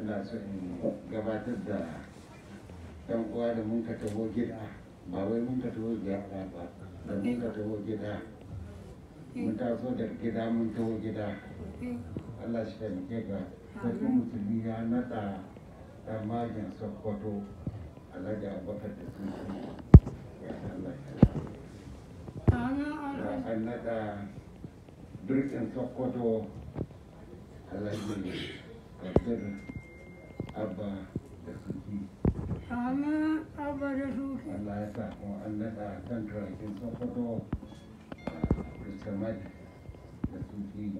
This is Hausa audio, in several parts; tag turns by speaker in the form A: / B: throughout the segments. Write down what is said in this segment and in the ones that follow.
A: ina so in gabatar da ɗan uwa da mun ka taho gida ba wai mun ka taho gida ba da mun ka taho gida mun taso da gida mun taho gida Allah shi ta nike ga sabbin musulmi ya nada ɗan magin sokoto alhaji abubakar da sun ya Allah shi an birkin sokoto alhaji kabir abba da suke Allah ya sa kuma an naɗa kan turakin sokoto a ah, samad da suke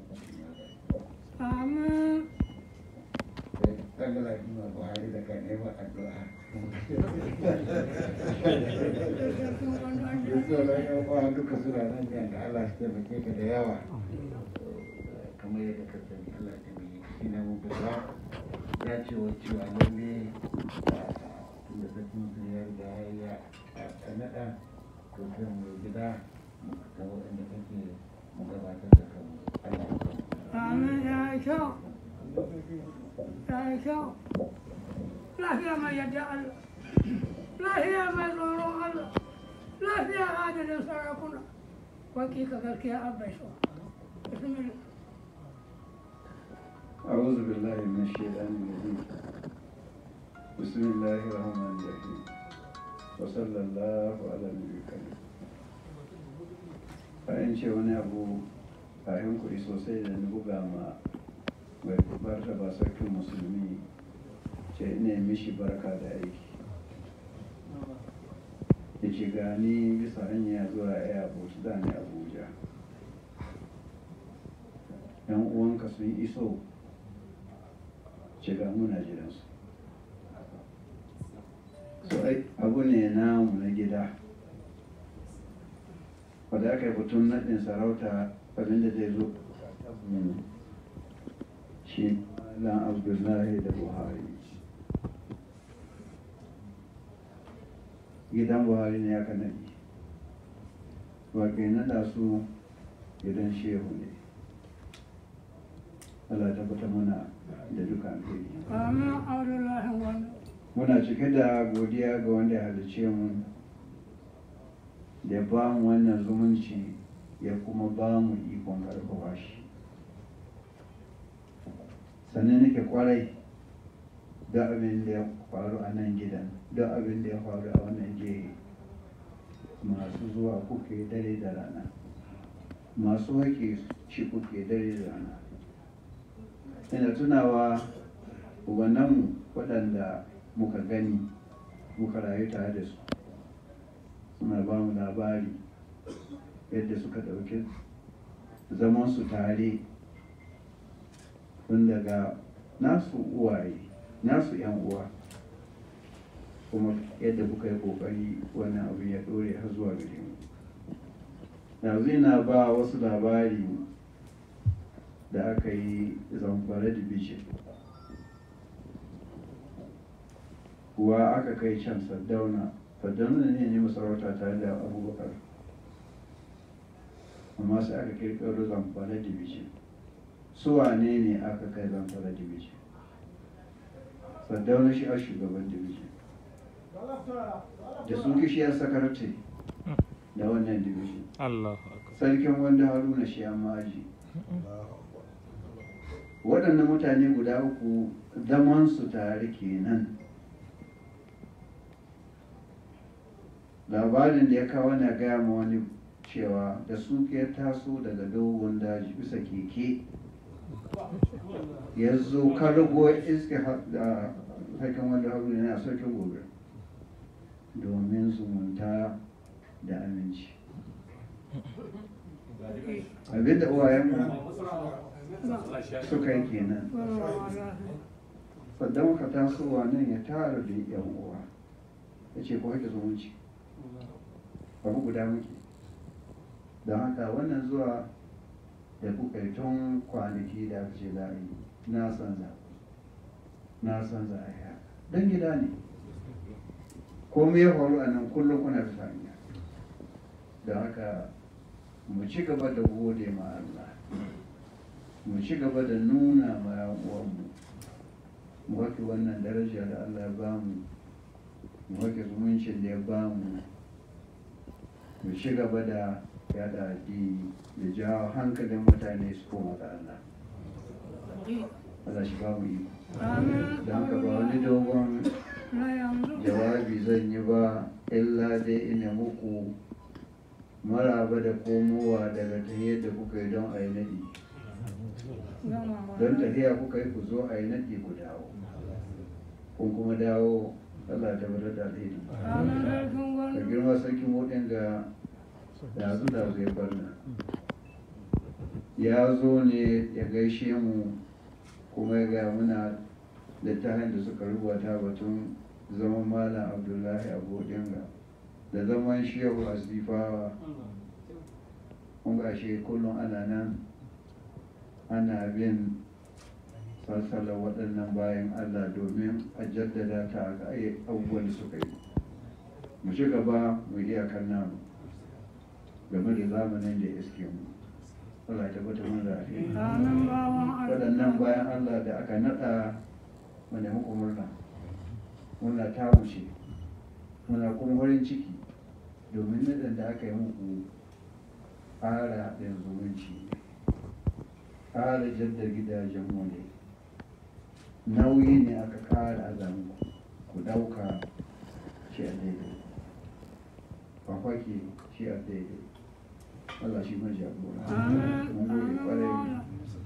A: amma tanggalan eh, lima buhari dekat da doa. Itu lah yang orang tu kesulitan yang Allah setiap kali berdewa. Kamu ka dekat eh, Allah Finalement, on peut pas. Là, tu, tu as nommé le petit prière derrière Canada, que fait mon gida, que vous aimez que mon gabatin de comme. Amen, ya kyau. Ya kyau. Lafiya mai yadda Allah. Lafiya mai tsoron Allah. Lafiya adalin sarakuna. Waki ka gaskiya an bai so. Bismillah.
B: أعوذ بالله من الشيطان الرجيم بسم الله الرحمن الرحيم وصلى الله على النبي الكريم bayan ce wani abu bayan kuɗi sosai da na buga ma mai kubar da ba sarkin musulmi ce ina mishi barka da aiki ya ce gani bisa hanya zuwa airport da ne abuja yan uwanka sun iso shiga muna gidansu so abu ne namu na gida wadda aka yi hutun naɗin sarauta abinda zai zo shi lan abdullahi da buhari gidan buhari ne ya kanadi wa ke su gidan shehu ne Allah da duka muna cike da godiya ga wanda ya halice mu da ba mu wannan zumunci ya kuma ba mu ikon karfafa shi sannan nake kwarai da abin da ya faru a nan gidan da abin da ya faru a wannan jeri masu zuwa kuke dare da rana masu wake shi kuke dare da rana ina tunawa ubananmu waɗanda muka gani muka rayu tare da su suna ba mu labari yadda suka zaman su tare tun daga nasu uwaye nasu yan uwa kuma yadda kuka yi ƙoƙari wannan abin ya ɗore har zuwa gare mu yanzu ina ba wasu labari da aka yi zamfara division kuwa aka kai can sardauna sardauna ne ne masarauta tare da abubakar amma sai aka kirkiro zamfara division suwa ne ne aka kai zamfara division sardauna shi a shugaban division da sun kishi yan sakarci da wannan division sarkin wanda haruna shi ya maji waɗannan mutane guda uku zamansu tare kenan labarin da ya kawo na gaya ma wani cewa da su taso daga dogon daji bisa keke ya zo kargo iska da haikan wanda hagu yana sarkin gobe domin zumunta da aminci abinda uwayen mu suka yi kenan sadda muka wa nan ya tara da yan uwa ya ce ko haka zumunci abu guda muke don haka wannan zuwa da kukaitun kwanaki da aka ce la'ayi na san za na san za a yi haka don gida ne Ko ya faru a nan kullum kuna da sanya don haka mu ci gaba da gode ma Allah mu ci gaba da nuna ma uwanmu mu wake wannan daraja da allah ya ba mu wake zumuncin da ya ba mu ci gaba da yada addini da jawo hankalin mutane su koma ga allah allah shi mu yi don ka ba wani dogon jawabi zan yi ba illa dai ina muku maraba da komowa daga ta yadda kuka yi don a yi nadi don tafiya kuka yi ku zo a yi naɗi ku dawo kun kuma dawo Allah ta bada da alheri ka girma sarkin moɗin ga dazu da zai barna ya zo ne ya gaishe mu kuma ya ga muna littafin da suka rubuta batun zaman malam abdullahi abodinga da zaman shehu asifawa kun ga shi kullum ana nan ana bin fasala waɗannan bayan allah domin a jaddada ta ga abubuwan da suka yi mu ci gaba mu kanna mu game da zamanin da ya iske mu Allah ta bata mun waɗannan bayan Allah da aka naɗa mu nemi murna muna ta wuce muna kuma farin ciki domin naɗin da aka yi muku ƙara ɗin zumunci ƙara jaddar gidajen mu ne nauyi ne aka a azamu ku dauka shi a daidai kwakwaki shi a daidai Allah shi mai jagora mun gode kwarai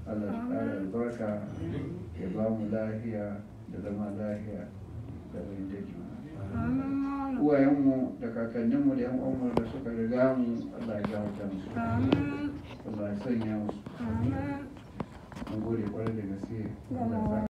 B: Allah shi ƙara albarka ya ba mu lafiya da zama lafiya da fahimtar juna uwayenmu da kakanninmu da yan uwanmu da suka riga mu Allah ya gafarta musu Allah ya sanya musu 那好。